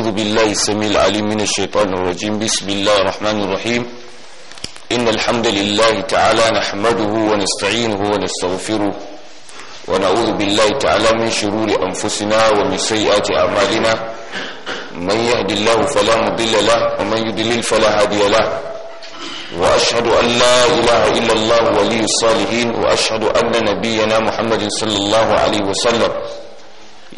أعوذ بالله السميع العليم من الشيطان الرجيم بسم الله الرحمن الرحيم إن الحمد لله تعالى نحمده ونستعينه ونستغفره ونعوذ بالله تعالى من شرور أنفسنا ومن سيئات أعمالنا من يهد الله فلا مضل له ومن يضلل فلا هادي له وأشهد أن لا إله إلا الله ولي الصالحين وأشهد أن نبينا محمد صلى الله عليه وسلم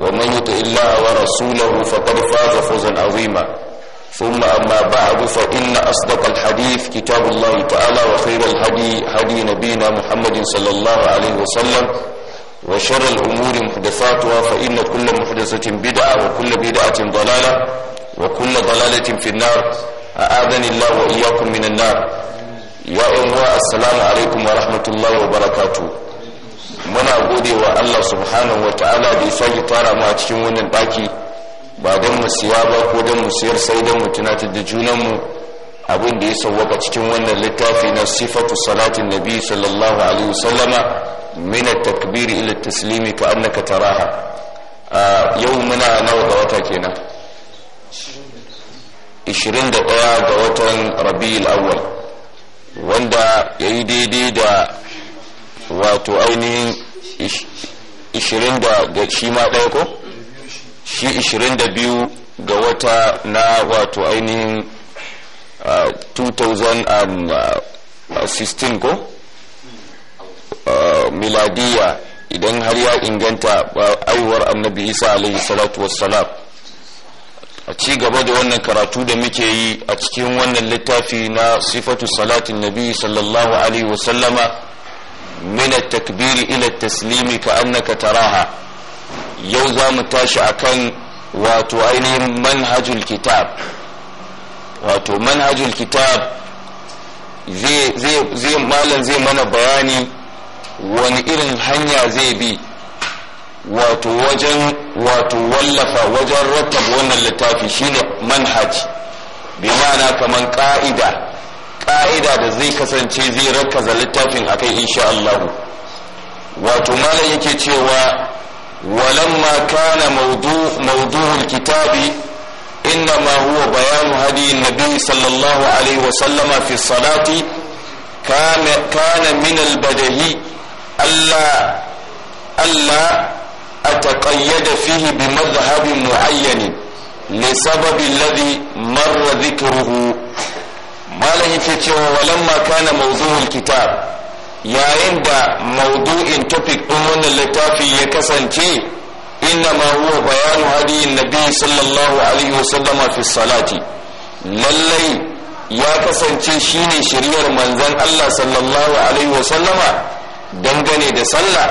ومن يطع الله ورسوله فقد فاز فوزا عظيما ثم أما بعد فإن أصدق الحديث كتاب الله تعالى وخير الهدي هدي نبينا محمد صلى الله عليه وسلم وشر الأمور محدثاتها فإن كل محدثة بدعة وكل بدعة ضلالة وكل ضلالة في النار أعاذني الله وإياكم من النار يا أمواء السلام عليكم ورحمة الله وبركاته muna gode wa Allah subhanahu wa ta'ala da ya sake tara mu a cikin wannan daki ba don mu siya ba ko don mu siyar sai don mu tunatar da junanmu abin da ya sauwaka cikin wannan littafi na sifatu salatin nabi sallallahu alaihi wasallama min at-takbir ila at-taslim ka annaka taraha yau muna nawa ga wata kenan 21 ga watan rabiul awwal wanda yayi daidai da wato ainihin ishirin da shi ma ɗaya ko shi ishirin da biyu ga wata na wato ainihin 2016 ko miladiya idan har ya inganta aiwuwar annabi isa alaihi salatu wassalam a ci gaba da wannan karatu da muke yi a cikin wannan littafi na sifatu salatin nabi sallallahu alaihi wasallama min takbiri ila taslimi ka annaka taraha yau za mu tashi akan wato ainihin manhajul kitab wato manhajul kitab malam zai mana bayani wani irin hanya zai bi wato wallafa wajen rattab wannan littafi shine manhaj bi ma'ana kaman ka'ida ka'ida da zai kasance zai rakaza littafin a kai insha'allahu wato malam yake cewa walamma kana mawdu'ul kitabi innama huwa bayanu hadiyin nabi sallallahu alaihi wasallama fi salati kana min albadahi allah allah اتقيد فيه بمذهب sababi لسبب mara مر ذكره malam yake cewa walan kana mawdu'ul kitab yayin da mawdu'in topic din wannan littafi ya kasance inna ma huwa bayanu hadiyin nabi sallallahu alaihi wasallama fi salati lallai ya kasance shine shiriyar manzon Allah sallallahu alaihi wasallama dangane da sallah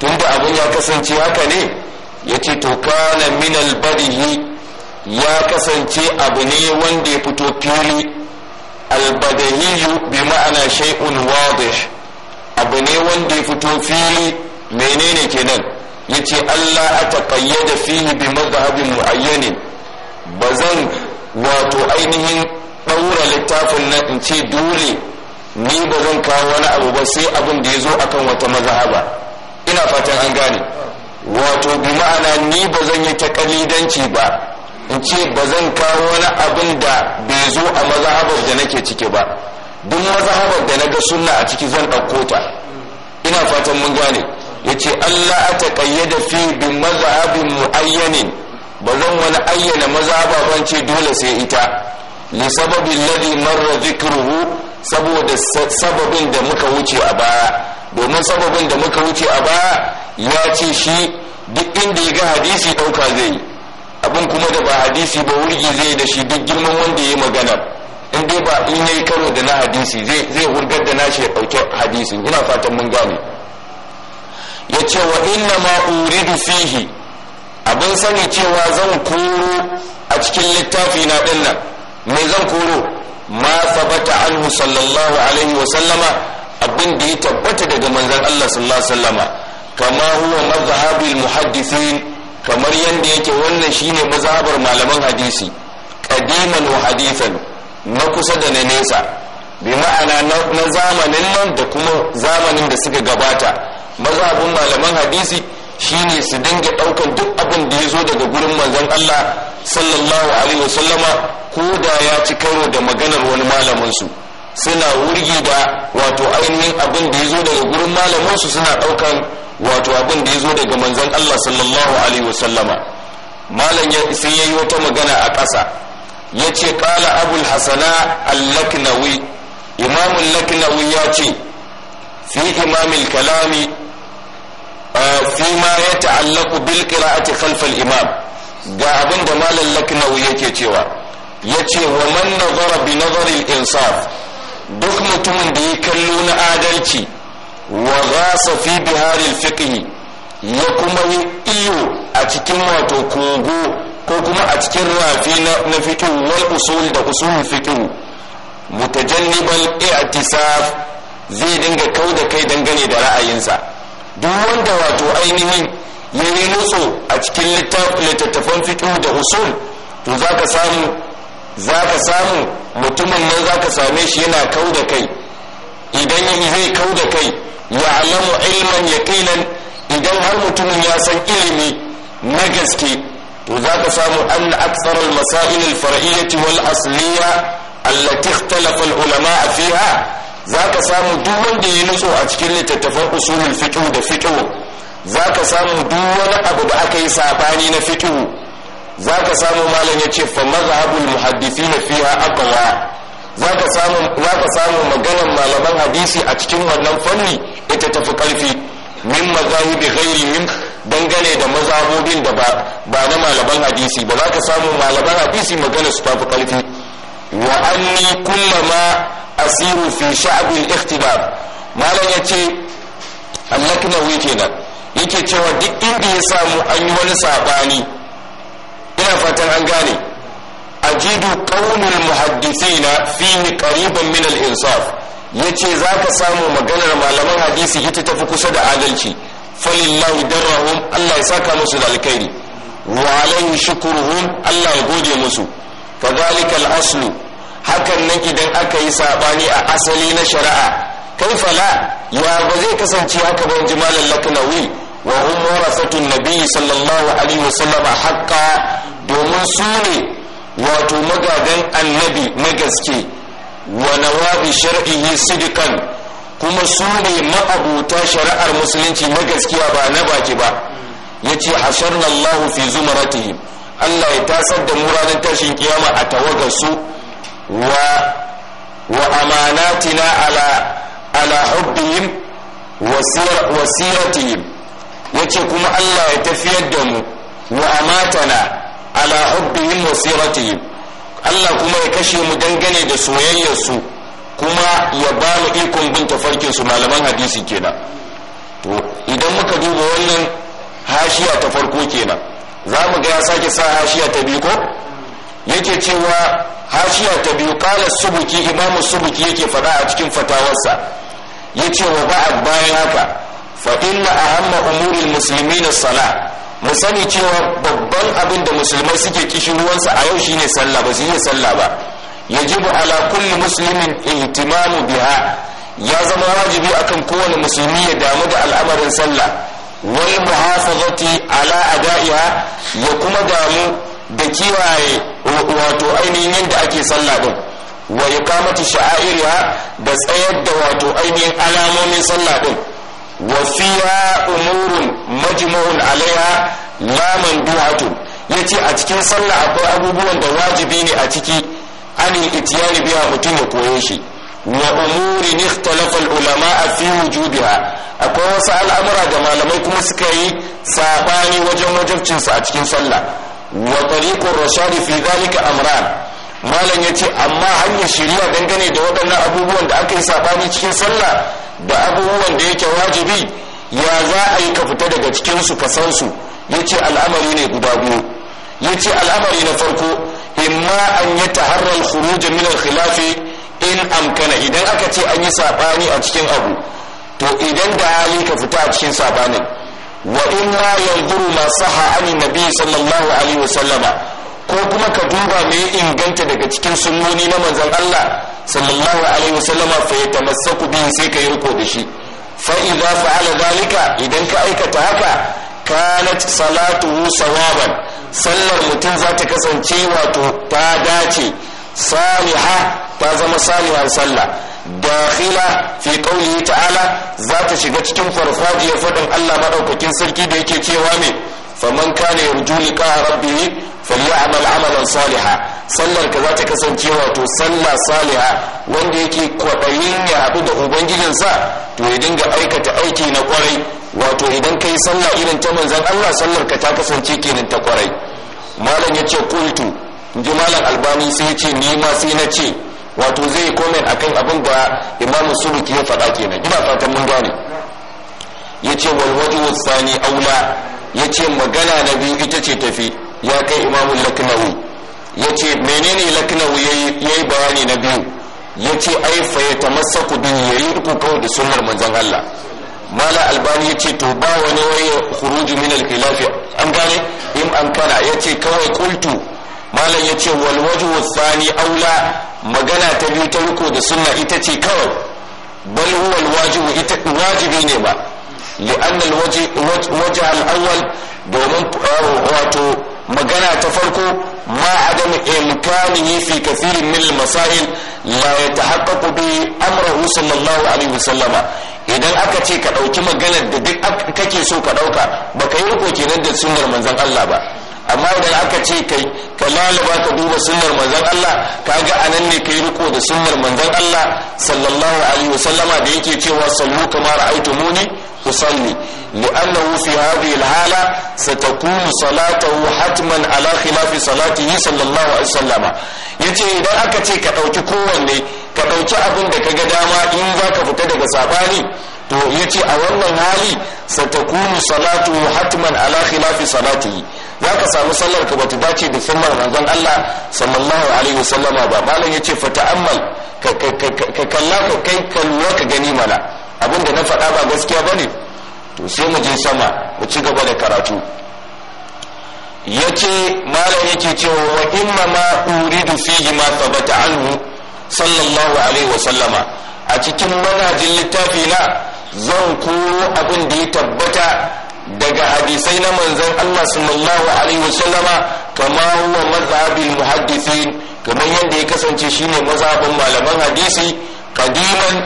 tunda abin ya kasance haka ne yace to kana min albarihi ya kasance abu ne wanda ya fito fili albadahiyu bi ma'ana shay'un wadih abu ne wanda ya fito fili menene kenan yace Allah ataqayyada fihi bi madhhabin mu'ayyanin bazan wato ainihin daura littafin nan in ce dole ni ba zan kawo wani abu ba sai abin da ya zo akan wata mazhaba ina fatan an gane wato bi ma'ana ni ba zan yi takalidanci ba in ce ba zan kawo wani abin da bai zo a mazahabar da nake ciki ba duk mazahabar da na ga sunna a ciki zan ɗauko ta ina fatan mun gane yace Allah a taƙayyada fi bi mazhabin muayyanin ba zan wani ayyana mazhaba ban ce dole sai ita li sababin ladhi marra zikruhu saboda sababin da muka wuce a baya domin sababin da muka wuce a baya ya ce shi duk inda ya ga hadisi ɗauka zai yi abin kuma da ba hadisi ba wurgi zai da shi duk girman wanda ya magana in dai ba in yayi karo da na hadisi zai hurgar da nashi ya ɗauke hadisi ina fatan mun gane yace wa inna ma uridu fihi abin sani cewa zan koro a cikin littafi na dinnan me zan koro ma sabata anhu sallallahu alaihi wa sallama abin da ya tabbata daga manzon Allah sallallahu alaihi wa sallama kama huwa mazhabul muhaddithin kamar yadda yake wannan shine mazhabar malaman hadisi qadiman wa hadithan na kusa da na nesa bi ma'ana na zamanin nan da kuma zamanin da suka gabata mazhabun malaman hadisi shine su dinga daukan duk abin da yazo daga gurin manzon Allah sallallahu alaihi wasallama ko da ya ci karo da maganar wani malamin su suna wurgi da wato ainihin abin da ya daga gurin malamin su suna daukan wato abin da ya zo daga manzon Allah sallallahu alaihi wasallama malam sai ya yi wata magana a ƙasa ya ce ƙala abul hasana al-laknawi imamun laknawi ya ce fi imamil kalami fi ma ya ta'allaku bil qira'ati imam ga abin da malam laknawi yake cewa ya ce wa man nazara bi nazari al-insaf duk mutumin da ya kallo na adalci wa ghasa fi biharil fiqh ya kuma yi iyo a cikin wato kogo ko kuma a cikin rafi na fiqh wal usul da usul fiqh mutajannibal i'tisaf zai dinga da kai dangane da ra'ayinsa duk wanda wato ainihin ya yi nutso a cikin littattafan fiqh da usul to zaka samu zaka samu mutumin nan zaka same shi yana da kai idan zai da kai ya'lamu ilman yaqinan idan har mutumin ya san ilimi na gaske to za ka samu anna aktsar al masail al far'iyyah wal asliya allati ikhtalafa al ulama fiha za ka samu duk wanda ya nutso a cikin littattafan usulul fiqh da fiqh za ka samu duk wani abu da aka yi sabani na fiqh za ka samu malam ya ce fa mazhabul muhaddithina fiha aqwa za ka samu maganar malaman hadisi a cikin wannan fanni ita tafi ƙarfi min mazahibi ghairihim dangane da bin da ba na malaman hadisi ba za ka samu malaman hadisi magana su tafi ƙarfi wa anni kullama asiru fi sha'bil ikhtibar malam yace annaknawi kenan yake cewa duk inda ya samu an yi wani sabani ina fatan an gane ajidu qaulul muhaddisina na qariban min minal insaf yace zaka samu maganar malaman hadisi ita tafi kusa da adalci falillahi darrahum Allah ya saka musu da alkhairi wa alaihi shukruhum Allah ya gode musu kadhalika al-aslu hakan nan idan aka yi sabani a asali na shari'a kai fala ya ba zai kasance haka ba ji malam laknawi wa hum warafatun nabi sallallahu alaihi wasallam haqqan domin sune. wato magagan annabi na gaske wa nawabi shar'ihi sidikan kuma su ne ma'abuta shari'ar musulunci na gaskiya ba na baki ba yace hasharna Allahu fi zumaratihim Allah ya tasar da mu ranar tashin kiyama a tawagar su wa wa amanatina ala ala hubbihim wa siratihim yace kuma Allah ya tafiyar da mu wa amatana ala hubbihim wa siratihim Allah kuma ya kashe mu dangane da soyayyar su kuma ya ba mu ikon bin tafarkin su malaman hadisi kenan to idan muka duba wannan hashiya ta farko kenan za mu ga ya sake sa hashiya ta biyu ko yake cewa hashiya ta biyu kala subuki imamu subuki yake faɗa a cikin fatawarsa yace wa ba'a bayan haka fa inna ahamma umuri muslimin as-salah mu sani cewa babban abin da musulmai suke kishin ruwansa a yau shine sallah ba su yi sallah ba yajibu ala kulli muslimin ihtimamu biha ya zama wajibi akan kowane musulmi ya damu da al'amarin sallah wal muhafazati ala ada'iha ya kuma damu da kiwaye wato ainihin yadda ake sallah din wa iqamati sha'airiha da tsayar da wato ainihin alamomin sallah din وفيها أمور مجمع عليها لا مندوحة yace a cikin sallah akwai abubuwan da wajibi ne a ciki anil itiyani biya mutum ya koye shi wa umuri ulama a fi wujubiha akwai wasu al'amura da malamai kuma suka yi saɓani wajen wajabcin a cikin sallah wa tariqur rashad fi dhalika amran malam yace amma hanyar shari'a dangane da waɗannan abubuwan da aka yi saɓani cikin sallah da abubuwan da yake wajibi ya za a yi ka fita daga cikinsu ka san su yace al'amari ne guda biyu yace al'amari na farko imma an yi taharar khuruj min al in amkana idan aka ce an yi sabani a cikin abu to idan da hali ka fita a cikin sabanin wa imma yanzuru ma saha an nabi sallallahu alaihi wasallama ko kuma ka duba me inganta daga cikin sunnoni na manzon Allah sallallahu alaihi wasallama fa yatamassaku bihi sai ka yi da shi fa idza fa'ala zalika idan ka aikata haka kanat salatuhu sawaban sallar mutum za ta kasance wato ta dace saliha ta zama salihan sallah dakhila fi qawlihi ta'ala za ta shiga cikin farfajiyar fadin Allah madaukakin sarki da yake cewa ne faman kana yarju liqa rabbih falyamal amalan salihan sallar ka za ta kasance wato sallah saliha wanda yake kwaɗayin ya haɗu da ubangijinsa to ya dinga aikata aiki na kwarai wato idan ka yi sallah irin ta manzan allah sallar ka ta kasance kenan ta kwarai malam ya ce kultu ji malam albani sai ya ce ni ma sai na ce wato zai yi komen akan abin da imamu suluki ya faɗa kenan ina fatan mun gane ya ce walwaju sani aula ya ce magana na biyu ita ce tafi ya kai imamun laknawi yace menene laknau yayi bayani na biyu yace ai fa ya kudin ya yi ku kawai da sunnar manzon Allah mala albani ce to ba wani waye khuruju min al-khilaf an gane in an kana ce kawai qultu malam ya ce wajhu thani aula magana ta biyu ta riko da sunna ita ce kawai bal huwa al wajibu ita wajibi ne ba لأن الوجه الأول wato magana ta farko. ما عدم إمكانه في كثير من المسائل لا يتحقق به أمره صلى الله عليه وسلم idan aka ce ka ɗauki maganar da duk kake so ka ɗauka ba ka yi riko kenan da sunnar manzan Allah ba amma idan aka ce kai ka lalaba ka duba sunnar manzan Allah ka ga anan ne yi riko da sunnar manzan Allah sallallahu alaihi wasallama da yake cewa sallu kama muni. يصلي لأنه في هذه الحالة ستكون صلاته حتما على خلاف صلاته صلى الله عليه وسلم yace idan aka ce ka ɗauki kowanne ka ɗauki abin da ka ga dama in za ka fita daga sabani to yace a wannan hali satakunu salatu hatman ala khilafi salatihi za ka samu sallar ka bata dace da sunnar manzon Allah sallallahu alaihi wasallama ba malam yace fa ta'ammal ka kalla ka kai kalwa ka gani mana abin da na faɗa ba gaskiya ba ne to sai mu je sama mu ci gaba da karatu ya ce malam yake cewa wa imma ma uridu fihi ma sabata anhu sallallahu alaihi wa sallama a cikin manajin littafi na zan koro abin da ya tabbata daga hadisai na manzon Allah sallallahu alaihi wa sallama kama huwa mazhabil muhaddisin kamar yadda ya kasance shine mazhabin malaman hadisi kadiman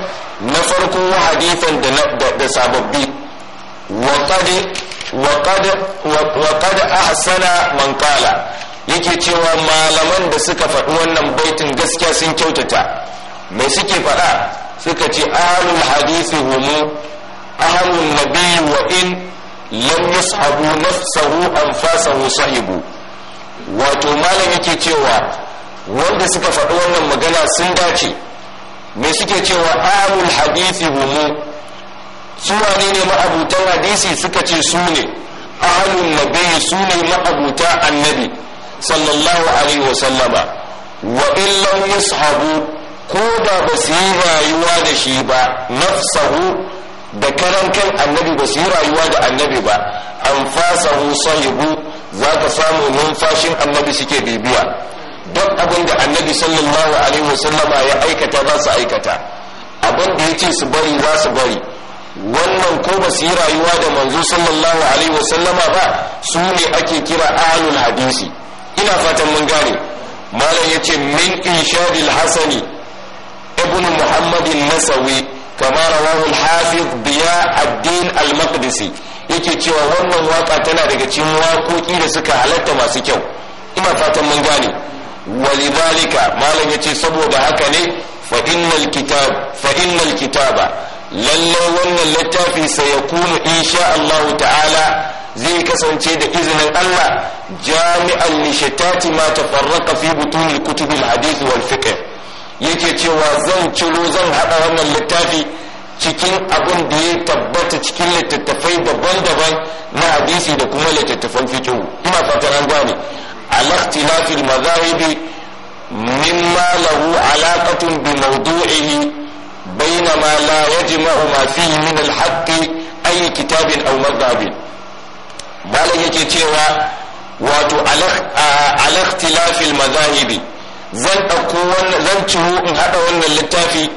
na farko hadithan da sababbi wa qad ahsana man qala yake cewa malaman da suka faɗi wannan baitin gaskiya sun kyautata mai suke faɗa suka ce ahlul hadisi humu ahlun nabi wa in lam yashabu nafsahu anfasahu sahibu wato malam yake cewa wanda suka faɗi wannan magana sun dace me suke cewa ahlul hadisi humu su wane ne ma'abutan hadisi suka ce su ne ahlun nabi su ne ma'abuta annabi sallallahu alaihi wa sallama wa illam yashabu ko da ba su yi rayuwa da shi ba nafsahu da karan kan annabi ba su yi rayuwa da annabi ba an fasahu sahibu za ka samu numfashin annabi suke bibiya duk abin da annabi sallallahu alaihi wasallama ya aikata za su aikata abin da ya ce su bari za su bari wannan ko ba su yi rayuwa da manzo sallallahu alaihi wasallama ba su ne ake kira ahlul hadisi ina fatan mun gane malam ya ce min inshadil hasani ibn muhammadin nasawi kama rawahu al-hafiz biya ad-din al-maqdisi yake cewa wannan waka tana daga cikin waƙoƙi da suka halatta masu kyau ina fatan mun gane walidhalika malam yace saboda haka ne fa kitaba lallai wannan littafi sayakunu insha allahu ta'ala zai kasance da izinin Allah jami'an li shatati ma tafarraqa fi butun kutub al-hadith wal fiqh yake cewa zan ciro zan haɗa wannan littafi cikin abin da ya tabbata cikin littattafai daban-daban na hadisi da kuma littattafan fiqh ina fatan an gane على اختلاف المذاهب مما له علاقة بموضوعه بينما لا يجمع ما فيه من الحق أي كتاب أو مذهب بالك يكتوى واتو على اختلاف المذاهب zan ɗauko zan ciho in haɗa wannan littafi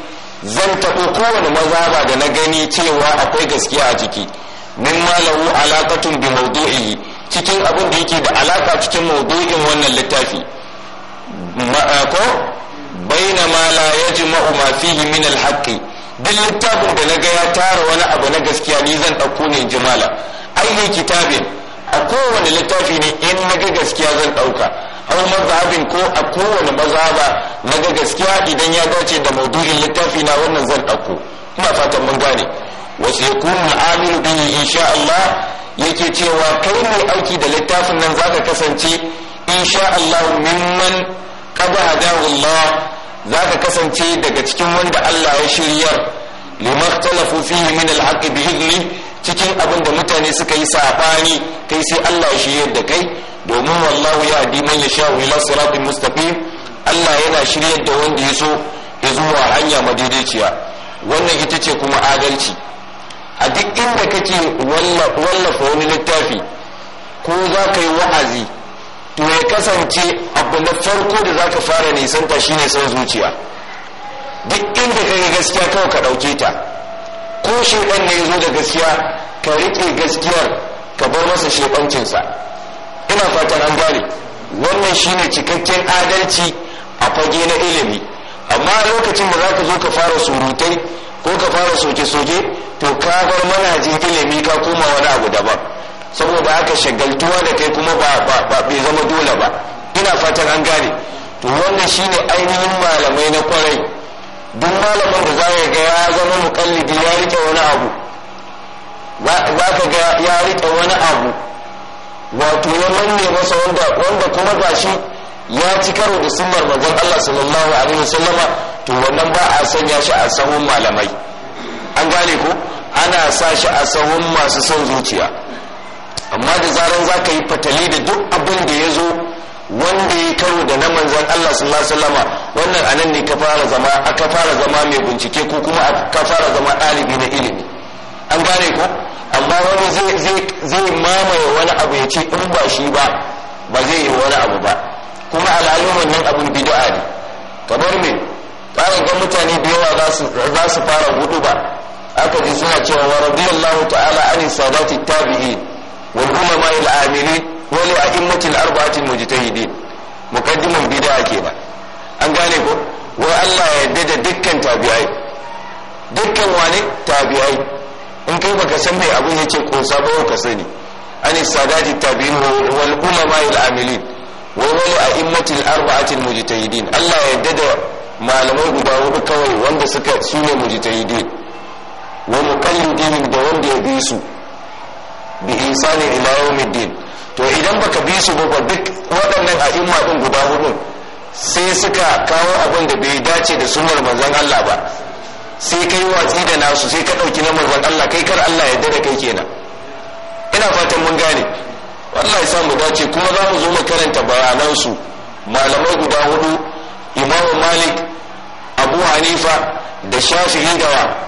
zan taɓo kowane mazaba da na gani cewa akwai gaskiya a ciki min ma lahu alaqatun bi mawdu'ihi cikin abin da yake da alaka cikin maudu'in wannan littafi ko baina ma la yajma'u ma fihi min al-haqqi duk littafin da naga ya tara wani abu na gaskiya ni zan dauko ne jimala ayi kitabin a kowane littafi ne in naga gaskiya zan dauka aw mazhabin ko a kowane mazhaba naga gaskiya idan ya dace da maudu'in littafi na wannan zan dauko ina fatan mun gane wasu yakunu amilu bihi insha Allah yake cewa kai mai aiki da littafin nan zaka kasance insha Allah mimman kada hadahu Allah zaka kasance daga cikin wanda Allah ya shiryar limaktalafu fihi min alhaq bi'izni cikin abin da mutane suka yi safani kai sai Allah ya shirya da kai domin wallahu ya adi man yasha ila siratin mustaqim Allah yana shirya da wanda ya so ya zuwa hanya madaidaiciya wannan ita ce kuma adalci a duk inda kake wallafa wani littafi ko za ka yi wa'azi to ya kasance abu na farko da za ka fara nisanta shine son zuciya duk inda ka ga gaskiya kawai ka ɗauke ta ko shaidan ne ya zo da gaskiya ka riƙe gaskiyar ka bar masa shekwancinsa ina fatan an gane wannan shine cikakken adalci a fage na ilimi amma lokacin da za ka zo ka fara surutai ko ka fara soke-soke to ka mana manhajin ilimi ka koma wani abu daban saboda aka shagaltuwa da kai kuma ba bai zama dole ba ina fatan an gane to wannan shine ainihin malamai na kwarai duk malamin da za ga ya zama mukallidi ya rike wani abu ba ka ga ya rike wani abu wato ya manne masa wanda wanda kuma shi ya ci karo da sunnar manzon Allah sallallahu alaihi wasallama to wannan ba a sanya shi a sahun malamai an gane ko ana sa shi a sahun masu son zuciya amma da zaran za ka yi fatali da duk abin da ya zo wanda ya karo da na manzan Allah sallallahu alaihi wasallama wannan anan ne ka fara zama aka fara zama mai bincike ko kuma ka fara zama ɗalibi na ilimi an gane ko amma wani zai mamaye wani abu ya ce in ba shi ba ba zai yi wani abu ba kuma alhalin wannan abin bid'a ne kamar me tsarin ga mutane da yawa za su fara gudu ba aka ji suna cewa wa radiyallahu ta'ala an sadati tabi'in wal ulama al amilin wa li a'immatil arba'atil mujtahidin muqaddimul bid'a kenan an gane ko wa Allah ya yadda da dukkan tabi'ai dukkan wani tabi'ai in kai baka san mai abun yake ko ba ka sani an sadati tabi'in wal ulama al amilin wa li a'immatil arba'atil mujtahidin Allah ya yadda da malamai guda hudu kawai wanda suka sune mujtahidin wa muqallidihim da wanda ya bi su bi insani ila yawmiddin to idan baka bi su ba duk waɗannan a'imma din guda hudu sai suka kawo abin da bai dace da sunnar mazan Allah ba sai kai watsi da nasu sai ka ɗauki na mazan Allah kai kar Allah yarda da kai kenan ina fatan mun gane Allah ya mu dace kuma za mu zo mu karanta bayanan su malamai guda hudu Imam Malik Abu Hanifa da Shafi'i da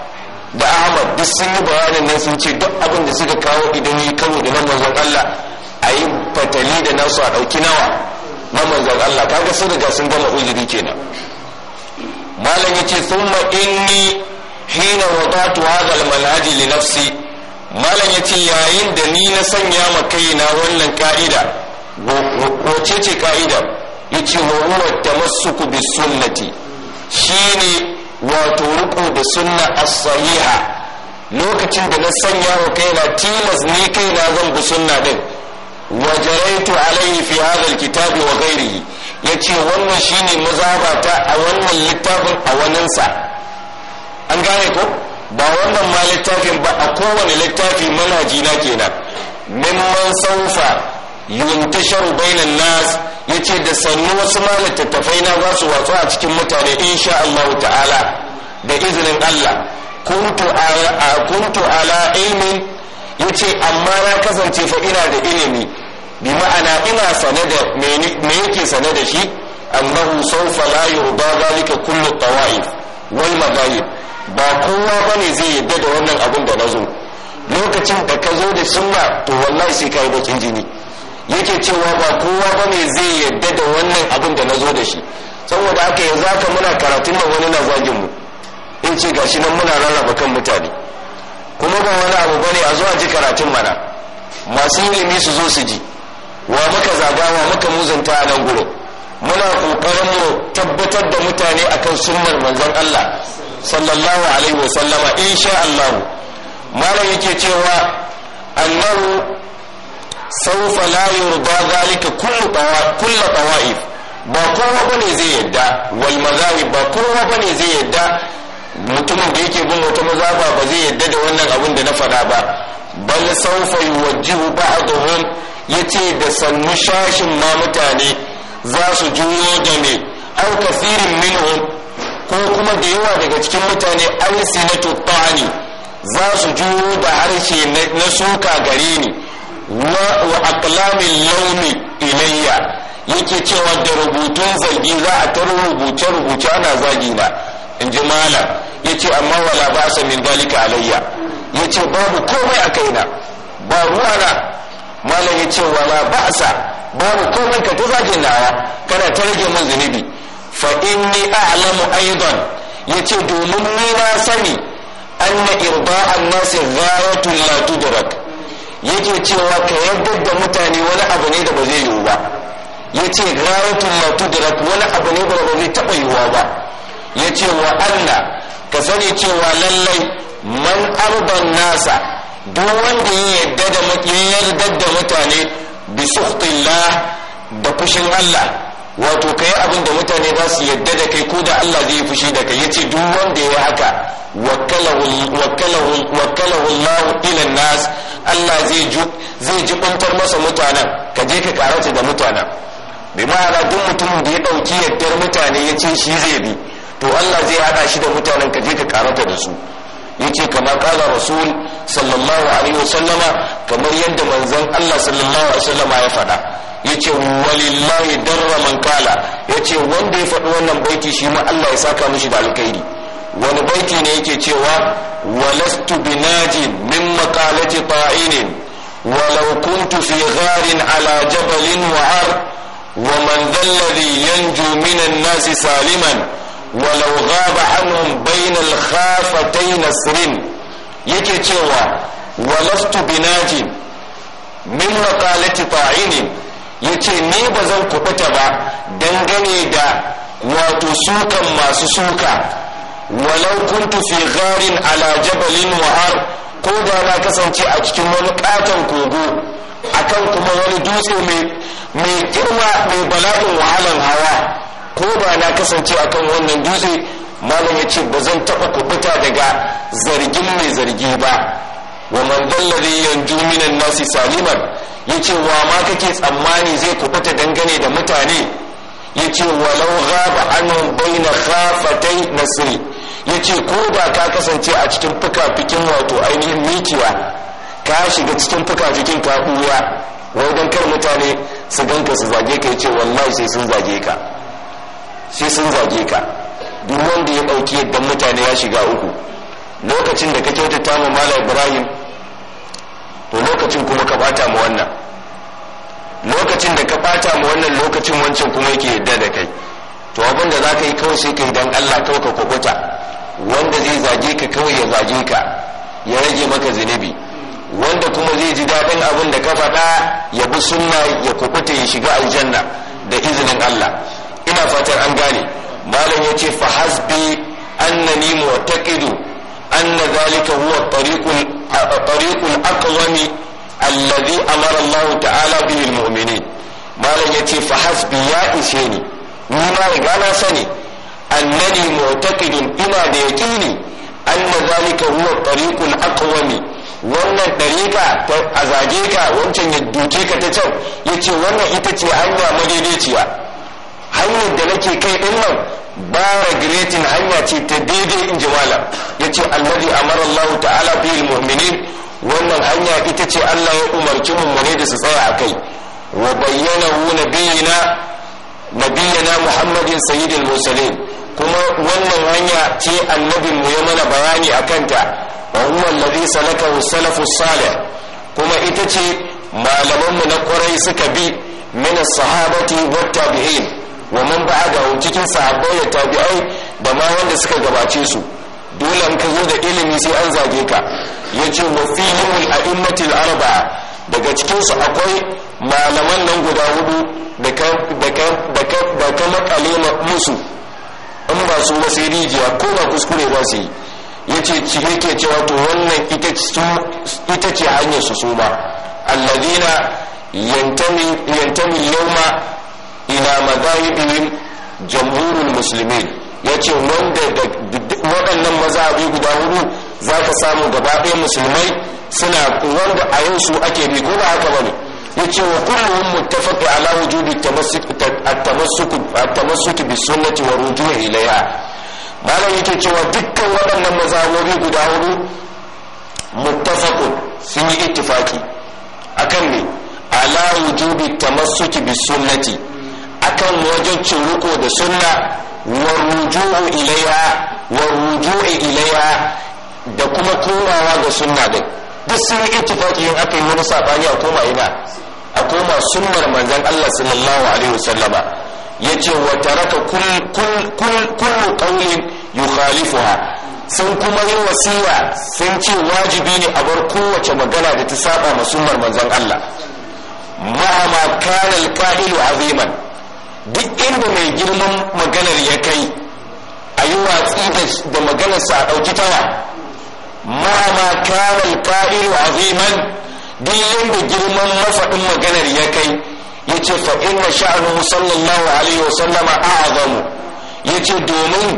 da ahmad duk sun yi bayanin nan sun ce duk abin da suka kawo idan yi karo da na manzon allah a yi fatali da nasu a ɗauki nawa na manzon allah kaga sun riga sun gama ujiri kenan malam ya sun thumma inni hina wadatu hadha al li nafsi malam ya ce yayin da ni na sanya ma kai na wannan ka'ida wace ce ce ka'ida yace huwa tamassuku bis sunnati shine wato ruku da sunna as-sahiha lokacin da na sanya wa kaina tilas ne kaina zan bi sunna din wa jaraitu alaihi fi hadha al-kitab wa ghayrihi yace wannan shine mazabata a wannan littafin a wannan sa. an gane ko ba wannan ma littafin ba a kowane littafi mana na kenan mimman saufa yuntashar bainan nas yace da sannu wasu ma littattafai na za su watsu a cikin mutane insha Allah ta'ala da izinin Allah kuntu ala kuntu ala ilmin yace amma na kasance fa ina da ilimi bi ma'ana ina sane da me yake sane da shi annahu sawfa la yurda zalika kullu tawaif wal madayib ba kowa bane zai yadda da wannan abin da nazo lokacin da ka zo da sunna to wallahi sai kai bakin jini yake cewa ba kowa ba ne zai yadda da wannan abin da na zo da shi saboda haka yanzu haka muna karatun da wani na zagin mu in ce gashi nan muna rarraba kan mutane kuma ba wani abu ba ne a zuwa ji karatun mana masu ilimi su zo su ji wa muka zaga wa muka muzanta a nan gurin muna kokarin mu tabbatar da mutane akan sunnar manzon Allah sallallahu alaihi wa sallama insha Allah malam yake cewa annahu saufa لا يرضى ذلك كل kullu tawa'if ba kowa bane zai yadda wal mazahib ba zai mutumin da yake bin wata mazaba ba zai yadda da wannan abin da na faɗa ba bal saufa yuwajjihu ba'dhum yace da sannu shashin ma mutane za su juyo da me aw kasirin minhum ko kuma da yawa daga cikin mutane alsinatu tani za su juyo da harshe na suka gare ni wa aqlamil launi ilayya yake cewa da rubutun zargi za a tar rubuce rubuce ana zagi na in ji malam yace amma wala ba sa min dalika alayya yace babu komai a kaina ba ruwana malam yace wala ba sa babu komai ka ta zagin nawa kana ta rage min zunubi fa inni a'lamu aidan yace domin ni na sani anna irda'an nasi ghayatun la tudrak yake cewa ka yarda da mutane wani abu ne da ba zai yiwu ba ya ce gharatun matudrak wani abu ne da ba zai taɓa yiwuwa ba ya ce wa allah ka sani cewa lallai man arban nasa duk wanda ya yarda da yarda da mutane bi suhtillah da fushin allah wato kai abin da mutane za su yarda da kai ko da allah zai fushi da kai ya ce duk wanda ya haka wakalahu allah ila nas Allah zai ji zai ji kuntar masa mutanen ka je ka karanta da mutanen bi ma'ana duk mutumin da ya dauki yaddar mutane ya ce shi zai bi to Allah zai hada shi da mutanen ka je ka karanta da su yace kamar kala rasul sallallahu alaihi wasallama kamar yadda manzon Allah sallallahu alaihi wasallama ya faɗa yace walillahi darra man kala yace wanda ya faɗi wannan baiti shi ma Allah ya saka mishi da alkhairi wani baiti ne yake cewa walastu binajin min maqalati ta'inin walau kuntu fi gharin ala jabalin wa'ar ومن ذا الذي ينجو من الناس سالما ولو غاب عنهم بين الخافتين سر yake cewa walaftu binaji min maqalati ta'ini yace ni ba zan kubuta ba dangane da wato sukan masu suka walau kuntu fi gharin ala jabalin ko da na kasance a cikin wani katon kogo akan kuma wani dutse mai girma mai bala'in wahalan hawa ko ba na kasance akan wannan dutse malam ya ce ba zan taɓa kubuta daga zargin mai zargi ba wa man dallari yanzu minan nasi saliman ce wa ma kake tsammani zai kubuta dangane da mutane yace walau ghaba anhum bayna khafatay nasri ya ce ko ba ka kasance a cikin fuka wato ainihin mikiya ka shiga cikin fuka ka huwa wajen kar mutane su ganka su zage ka ya ce wallahi sai sun zage ka sai sun zage ka duk wanda ya ɗauki yadda mutane ya shiga uku lokacin da ka kyautata mu mala ibrahim to lokacin kuma ka bata mu wannan lokacin da ka bata mu wannan lokacin wancan kuma yake yadda da kai to abin da za ka yi kawai sai ka yi don allah kawai ka kwakwata wanda zai zage ka kawai ya zage ka ya rage maka zunubi wanda kuma zai ji daɗin abin da ka faɗa ya bi sunna ya kubuta ya shiga aljanna da izinin Allah ina fatar an gane malam yace fa hasbi annani mu'taqidu anna zalika huwa tariqul tariqul aqwami alladhi amara Allah ta'ala bihi almu'minin malam yace fa hasbi ya ishe ni ni ma riga na sani alladhi mu'taqidun ina da yaqini anna zalika huwa tariqul aqwami wannan dariƙa a zage ka wancan ya duke ka ta can ya ce wannan ita ce hanya madaidaiciya hanyar da nake kai din nan ba regretin hanya ce ta daidai in ji malam ya ce alladhi amara Allah ta'ala wannan hanya ita ce Allah ya umarci mummune da su tsaya a kai wa bayyana na biyana muhammadin sayyidil mursalin kuma wannan hanya ce annabin mu ya mana bayani a kanta wa huwa alladhi salakahu salafu salih kuma ita ce malaman mu na kwarai suka bi min sahabati wa tabi'in wa man ba'da cikin sahabbai da tabi'ai da ma wanda suka gabace su dole an ka zo da ilimi sai an zage ka yace wa fihim al-a'immati al-arba'a daga cikin su akwai malaman nan guda hudu da ka da ka da ka makale musu in ba su ba sai rijiya ko ba kuskure ba su yi ya ce cike ke cewa to wannan ita ce hanyar su suma alladina yantami yauma ila mazahibihim jamhurul musulmin ya ce wanda waɗannan biyu guda hudu za ka samu gaba ɗaya musulmai suna wanda a yau su ake bi ko ba haka ba ne yace wa kulluhum muttafaqu ala wujubi at-tamassuk at-tamassuk bi sunnati wa rujuhi ilayha malam yake cewa dukkan waɗannan mazhabori guda hudu muttafaqu sun yi ittifaki akan ne ala wujubi tamassuk bi sunnati akan wajibcin ruko da sunna wa rujuhu ilayha wa ruju'i ilayha da kuma turawa ga sunna da duk sun yi ittifaki in aka yi wani sabani a koma ina a koma sunnar manzon Allah sallallahu alaihi wasallama yace wa taraka kull kull kull qawlin yukhalifuha sun kuma yi wasiya sun ce wajibi ne a bar kowace magana da ta saba ma sunnar manzon Allah ma'ama kana alqa'ilu aziman duk inda mai girman maganar ya kai a yi watsi da maganarsa a ɗauki tawa ma'ama kana alqa'ilu aziman duk yanda girman mafaɗin maganar ya kai ya ce fa inna sha'anu sallallahu alaihi wa a a'azamu ya ce domin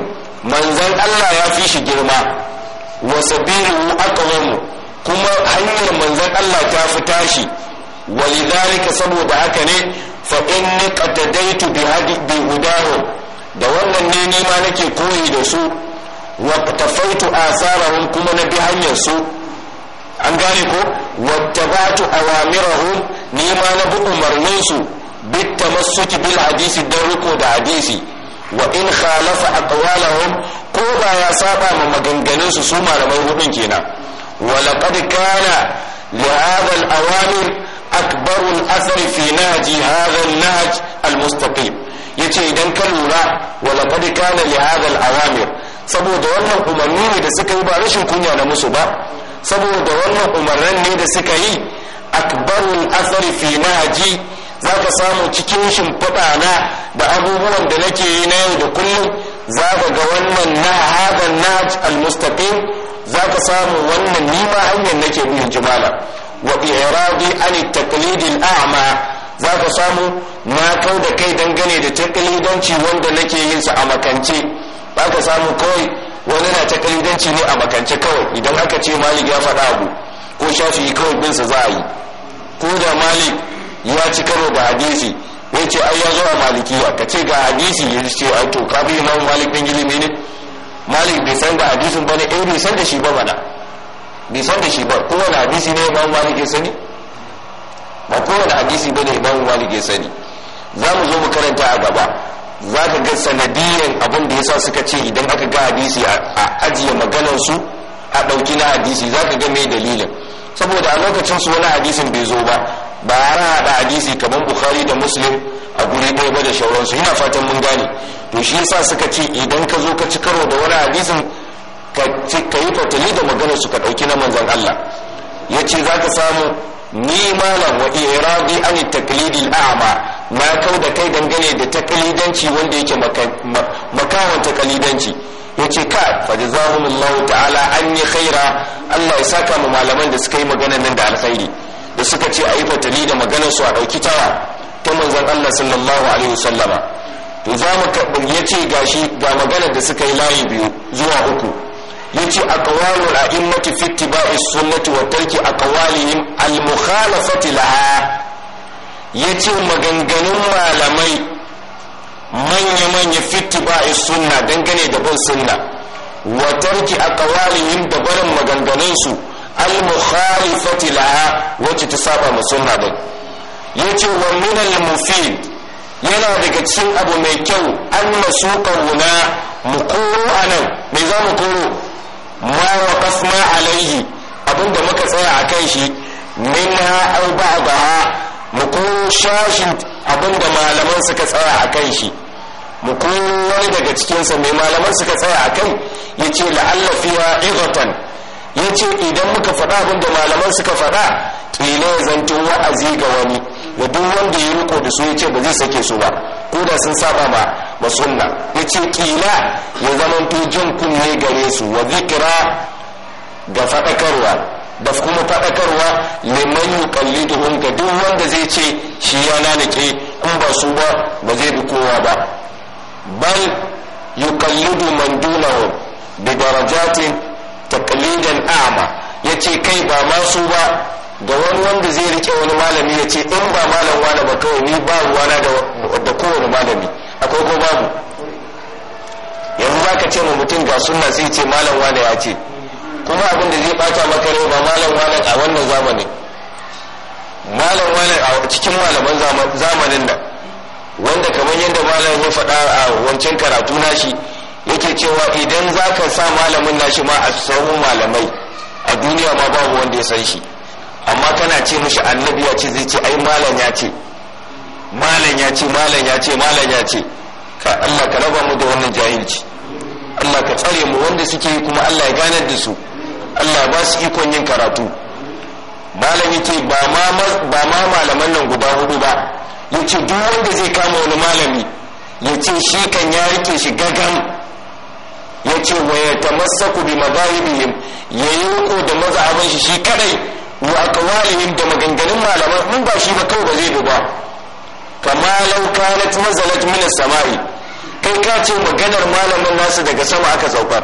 manzon Allah ya fi shi girma wa sabiru aqwamu kuma hanyar manzon Allah ta fi tashi walidhalika saboda haka ne fa inni qatadaitu bi hadi bi da wannan ne nima nake koyi da su wa tafaitu asarahum kuma na bi hanyar su an gane ko wattabatu awamirahum ni ma na bi umarnin su bit tamassuki bil hadisi dan riko da hadisi wa in khalafa aqwalahum ko ba ya saba ma maganganun su su malamai hudun kenan wa laqad kana li hadha al awamir akbar al athar fi nahji hadha al nahj al mustaqim yace idan ka lura wa laqad kana li hadha al awamir saboda wannan umarni ne da suka yi ba rashin kunya na musu ba saboda wannan umarnin ne da suka yi akbarun asari fi nahaji za ka samu cikin shimfiɗa na da abubuwan da nake yi na yau da kullum za ka ga wannan na hadan nahaj almustaqim za ka samu wannan nima hanyar nake bin jimala wa bi iradi an taqlid a'ma za ka samu na kau da kai dangane da taqlidanci wanda nake yin sa a makance za ka samu kawai wani na ta kalidanci ne a makance kawai idan aka ce malik ya faɗa abu ko shafi kawai binsa za a yi ko da malik ya ci karo da hadisi ya ce ai ya zo a malikiya ka ce ga hadisi ya ce ai to ka bi imam malik din ilimi ne malik bai san da hadisin ba ne eh bai san da shi ba mana bai san da shi ba kowane hadisi ne imam malik ya sani ba wani hadisi ba ne imam malik ya sani za mu zo mu karanta a gaba za ka ga sanadiyan abin da yasa suka ce idan aka ga hadisi a ajiye maganar su a ɗauki na hadisi za ka ga mai dalilin saboda a lokacin su wani hadisin bai zo ba ba ya haɗa hadisi kamar bukhari da muslim a guri ɗaya ba da shauransu yana fatan mun gane to shi yasa suka ce idan ka zo ka ci karo da wani hadisin ka yi fatali da maganar su ka ɗauki na manzon allah ya ce za ka samu ni malam wa iradi an taklidil a'ma na kau da kai dangane da takalidanci wanda yake ta kalidanci ya ce ka faɗi mu ta'ala an yi khaira allah ya saka mu malaman da suka yi magana nan da alkhairi da suka ce a yi fatali da maganar su a ɗauki tawa ta manzan allah sallallahu alaihi wasallama to za mu ya ce gashi ga maganar da suka yi layi biyu zuwa uku ya ce a kawalul a'immati fitti ba'i sunnati wa tarki kawalihim al-mukhalafati laha ya ce maganganun malamai manya-manya fiti a sunna dangane da bin sunna wa tarki aqwalihim da barin maganganunsu al-mukhalifati laha wacce ta saba ma sunna din ce wa min yana daga cikin abu mai kyau an masu kawuna mu koro nan mai za mu koro ma kasma alaihi abinda muka tsaya a kan shi min ba ba ba'daha mu ko shashin da malaman suka tsaya a kan shi mu ko wani daga cikinsa mai malaman suka tsaya a kan ya ce la'alla fiya ya idan muka faɗa da malaman suka faɗa tsile ya zanto wa'azi ga wani da duk wanda ya riko da su ya ce ba zai sake su ba ko da sun saba ma ba sunna ya ce ƙila ya zamanto jan kunne gare su wa zikira ga faɗakarwa da kuma faɗakarwa liman yuqalliduhum ga duk wanda zai ce shi ya lalake in ba su ba ba zai bi kowa ba bal yuqallidu man dunahu bi darajatin taqlidan a'ma yace kai ba ma su ba ga wani wanda zai rike wani malami ya ce in ba malam wani ba kawai ni ba ruwana da kowane malami akwai ko babu yanzu zaka ka ce ma mutum ga sunna sai ce malam wani ya ce kuma abin da zai bata maka rai ba malam malam a wannan zamanin malam malam a cikin malaman zamanin nan wanda kamar yadda malam ya faɗa a wancan karatu nashi yake cewa idan za ka sa malamin nashi ma a sauran malamai a duniya ma babu wanda ya san shi amma kana ce mishi annabi ya ce zai ce ai malam ya ce malam ya ce malam ya ce malam ya ce ka Allah ka raba mu da wannan jahilci Allah ka tsare mu wanda suke kuma Allah ya ganar da su Allah ba su ikon yin karatu malami ce ba ma malaman nan guda hudu ba ce duk wanda zai kama wani malami ya ce shi kan ya rike shi gagan ce wa yatamassaku bi ya yi uku da mazhaban shi shi kadai wa aqwalihim da maganganun malaman in ba shi ba kawai ba zai bi ba kama lauka na nazalat min as-sama'i kai ka ce maganar malamin nasu daga sama aka saukar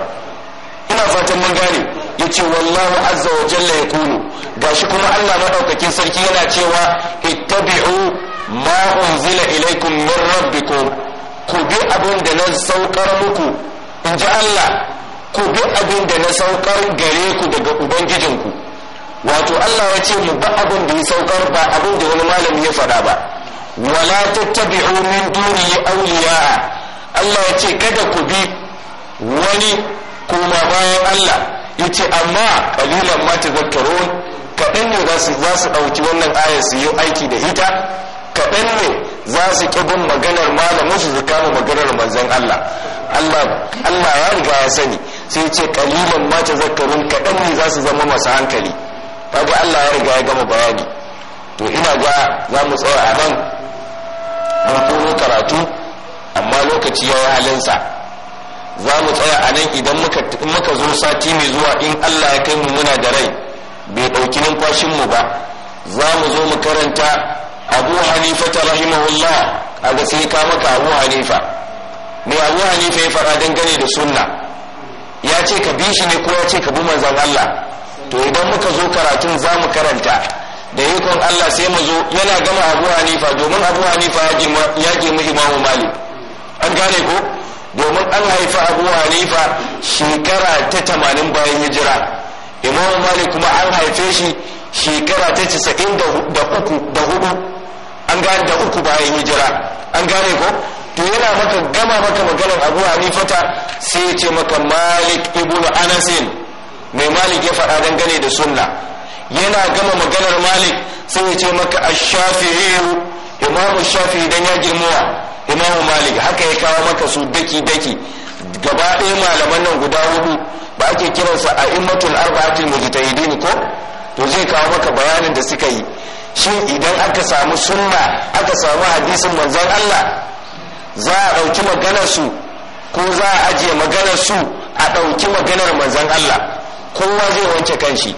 ina fatan mun gane yace wallahu azza wa jalla kunu gashi kuma Allah madaukakin sarki yana cewa ittabi'u ma unzila ilaykum min rabbikum ku bi abin da na saukar muku in ji Allah ku bi abin da na saukar gare ku daga ubangijinku wato Allah ya ce mu ba abin da ya saukar ba abin da wani malami ya faɗa ba wala tattabi'u min duni awliya Allah ya ce kada ku bi wani kuma bayan Allah yace amma qalilan ma tadhakkarun kadan ne za su za su ɗauki wannan ayar su yi aiki da ita kadan ne za su ƙi maganar malamin su su kama maganar manzon Allah Allah Allah ya riga ya sani sai yace kalilan ma tadhakkarun kaɗan ne za su zama masu hankali kaga Allah ya riga ya gama bayani to ina ga za mu tsaya a nan mun karatu amma lokaci ya yi halinsa za mu tsaya a nan idan muka zo sati mai zuwa in allah ya kai mu muna da rai bai ɗauki numfashinmu ba za mu zo mu karanta abu hanifa ta rahimahullah a ga sai ka maka abu hanifa me abu hanifa ya fara dangane da sunna ya ce ka bi shi ne ko ya ce ka bi manzan allah to idan muka zo karatun za mu karanta da ikon allah sai mu zo yana gama abu hanifa domin abu hanifa ya ke mu imamu malik an gane ko domin an haifi abu hanifa shekara ta tamanin bayan hijira imam malik kuma an haife shi shekara ta casa'in da uku da hudu an gane da uku bayan hijira an gane ko to yana maka gama maka maganar abu hanifata sai ya ce maka malik ibn anasin mai malik ya faɗa dangane da sunna yana gama maganar malik sai ya ce maka ashafi'i imamu shafi'i dan ya girmuwa imamu malik haka ya kawo maka su daki daki gaba ɗaya malaman nan guda hudu ba ake kiransa a immatul arba'atul mujtahidin ko to zai kawo maka bayanin da suka yi shi idan aka samu sunna aka samu hadisin manzon Allah za a ɗauki maganar su ko za a ajiye maganar su a ɗauki maganar manzon Allah kowa zai wanke kanshi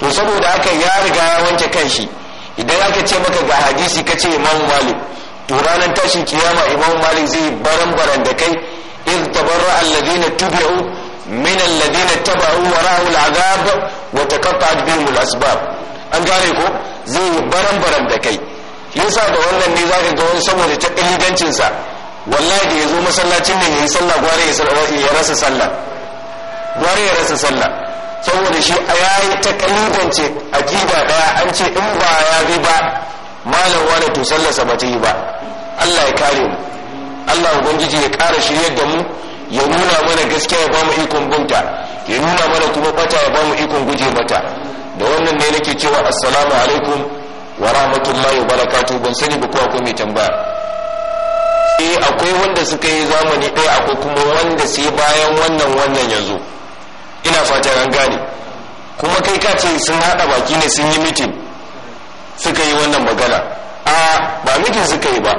to saboda haka ya riga ya wanke kanshi idan aka ce maka ga hadisi kace imam malik to ranar tashin kiyama imam malik zai baran baran da kai in tabarra alladhina tubi'u min alladhina taba'u wa ra'u al'azab wa taqatta'at bihim al'asbab an gane ko zai baran baran da kai yasa da wannan ne zaka ga wani saboda ta ƙalidancin sa wallahi da yazo masallacin ne yayi sallah gware ya rasa sallah gware ya rasa sallah saboda shi ya yi ta ƙalidance akida daya an ce in ba ya bi ba malam wani to sallarsa ba ta yi ba allah ya kare mu allah ubangiji ya kara shiryar da mu ya nuna mana gaskiya ya bamu ikon bunta ya nuna mana kuma bata ya bamu ikon guje mata da wannan ne nake cewa assalamu alaikum wa rahmatullahi wa barakatuh ban sani ba ko mai tambaya eh akwai wanda suka yi zamani ɗaya akwai kuma wanda sai bayan wannan wannan yanzu ina fatan an gane kuma kai ka ce sun haɗa baki ne sun yi mitin suka yi wannan magana a ba mijin suka yi ba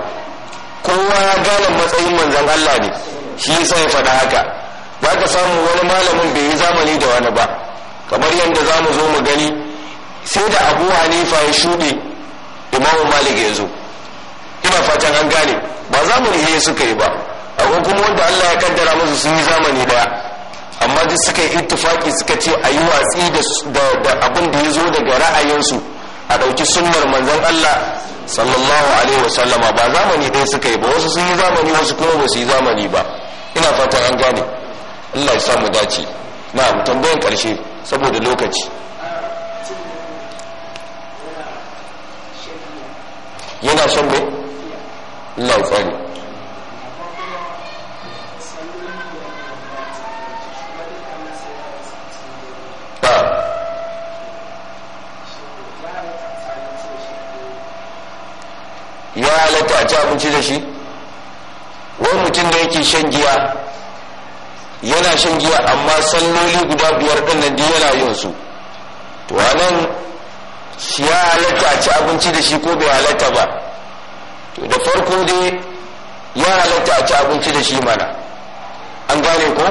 kowa ya gane matsayin manzon Allah ne shi yasa ya faɗa haka ba ka samu wani malamin bai yi zamani da wani ba kamar yadda za mu zo mu gani sai da abu hanifa ya shuɗe imamu malik ya zo ina fatan an gane ba zamani ne suka yi ba akwai kuma wanda Allah ya kaddara musu sun yi zamani daya amma duk suka yi ittifaki suka ce a yi watsi da abin da ya zo daga ra'ayinsu a ɗauki sunnar manzon Allah sallallahu alaihi wasallama ba zamani ɗaya suka yi ba wasu sun yi zamani wasu kuma ba su yi zamani ba ina fatan an gane Allah ya sa mu dace na tambayan ƙarshe saboda lokaci yana shan bai Allah ya tsare kamata a ci abinci da shi wani mutum da yake shan giya yana shan giya amma salloli guda biyar din nan yana yin su to anan shi ya halatta a ci abinci da shi ko bai halatta ba to da farko dai ya halatta a ci abinci da shi mana an gane ko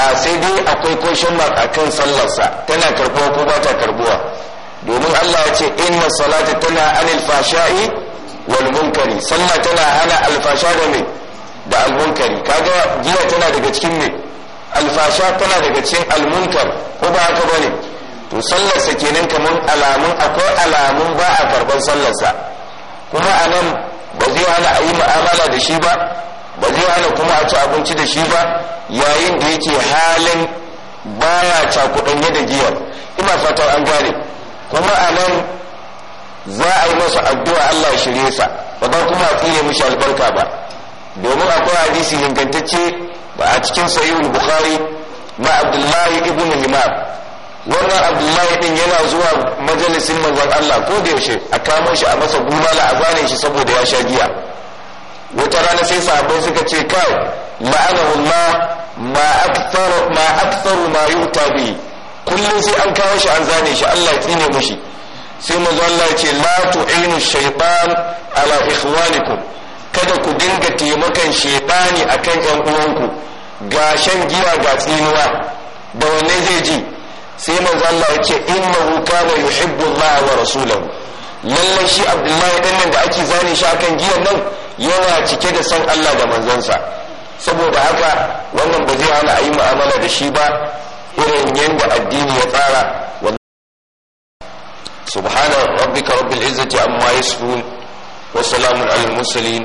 a sai dai akwai koshin mark a kan sallarsa tana karbuwa ko ba ta karbuwa domin allah ya ce inna salata tana anil fashai walmunkari sallar sallah tana hana alfasha da mai da almunkari kaga giya tana daga cikin mai alfasha tana daga cikin almunkar ko ba haka bane to sallarsa kenan kaman alamun akwai alamun ba a karban sallarsa kuma anan ba zai hana a yi mu'amala da shi ba ba zai hana kuma a ci abinci da shi ba yayin da yake halin baya cakuɗanye da giyar ina fatan an gane kuma anan za a yi masa addu'a Allah ya shirye sa ba ba kuma a tsire mishi albarka ba domin akwai hadisi ingantacce ba a cikin sahihul bukhari na abdullahi ibn limam wannan abdullahi din yana zuwa majalisin manzon Allah ko da yaushe a kama shi a masa guma la azane shi saboda ya sha giya wata rana sai sahabbai suka ce kai la'anahullah ma ma aktharu ma yuta bi kullum sai an kawo shi an zane shi Allah ya tsine mishi sai mu Allah ce la tu'inu shaytan ala ikhwanikum kada ku dinga taimakan shaytani akan yan uwanku ga shan giya ga tsinuwa da wanne zai ji sai manzo Allah ya ce innahu kana yuhibbu Allah wa rasulahu lallai shi Abdullahi dan nan da ake zane shi akan giyan nan yana cike da san Allah da manzansa saboda haka wannan ba zai hana a yi mu'amala da shi ba irin yadda addini ya tsara subhana rabbika rabbil izzati amma yasifun wa salamun alal mursalin